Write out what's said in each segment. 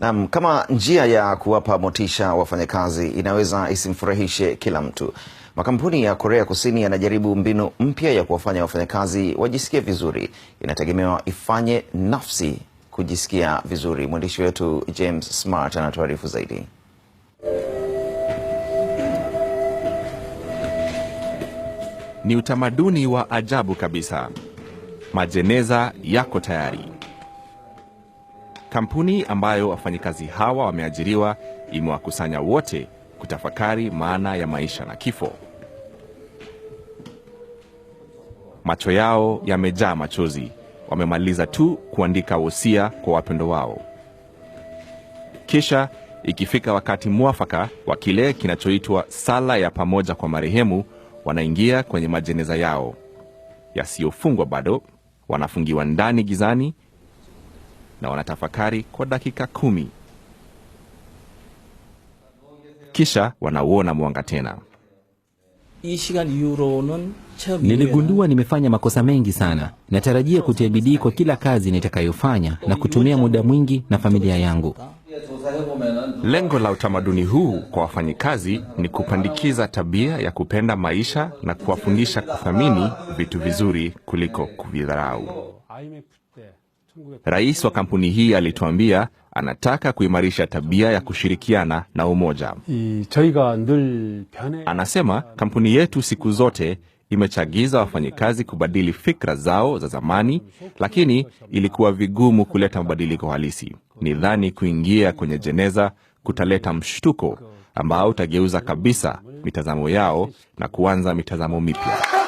Naam, kama njia ya kuwapa motisha wafanyakazi inaweza isimfurahishe kila mtu. Makampuni ya Korea Kusini yanajaribu mbinu mpya ya kuwafanya wafanyakazi wajisikie vizuri. Inategemewa ifanye nafsi kujisikia vizuri. Mwandishi wetu James Smart anatuarifu zaidi. Ni utamaduni wa ajabu kabisa. Majeneza yako tayari. Kampuni ambayo wafanyikazi hawa wameajiriwa imewakusanya wote kutafakari maana ya maisha na kifo. Macho yao yamejaa machozi, wamemaliza tu kuandika wosia kwa wapendo wao. Kisha ikifika wakati mwafaka wa kile kinachoitwa sala ya pamoja kwa marehemu, wanaingia kwenye majeneza yao yasiyofungwa bado, wanafungiwa ndani gizani na wanatafakari kwa dakika kumi, kisha wanauona mwanga tena. Niligundua nimefanya makosa mengi sana. Natarajia kutia bidii kwa kila kazi nitakayofanya na kutumia muda mwingi na familia yangu. Lengo la utamaduni huu kwa wafanyikazi ni kupandikiza tabia ya kupenda maisha na kuwafundisha kuthamini vitu vizuri kuliko kuvidharau. Rais wa kampuni hii alituambia anataka kuimarisha tabia ya kushirikiana na umoja. Anasema kampuni yetu siku zote imechagiza wafanyikazi kubadili fikra zao za zamani, lakini ilikuwa vigumu kuleta mabadiliko halisi. Ni dhani kuingia kwenye jeneza kutaleta mshtuko ambao utageuza kabisa mitazamo yao na kuanza mitazamo mipya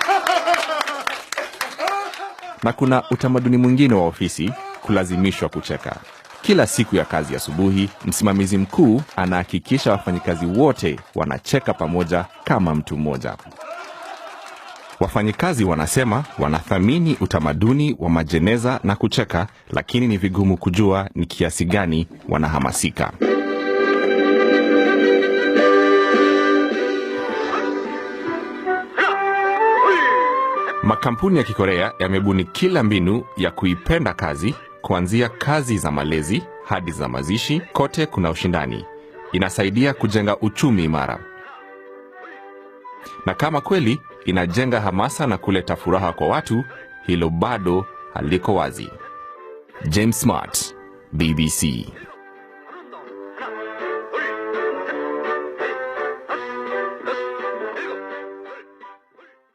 na kuna utamaduni mwingine wa ofisi, kulazimishwa kucheka. Kila siku ya kazi asubuhi, msimamizi mkuu anahakikisha wafanyikazi wote wanacheka pamoja kama mtu mmoja. Wafanyikazi wanasema wanathamini utamaduni wa majeneza na kucheka, lakini ni vigumu kujua ni kiasi gani wanahamasika. Makampuni ya Kikorea yamebuni kila mbinu ya kuipenda kazi, kuanzia kazi za malezi hadi za mazishi. Kote kuna ushindani, inasaidia kujenga uchumi imara, na kama kweli inajenga hamasa na kuleta furaha kwa watu, hilo bado haliko wazi. James Smart, BBC.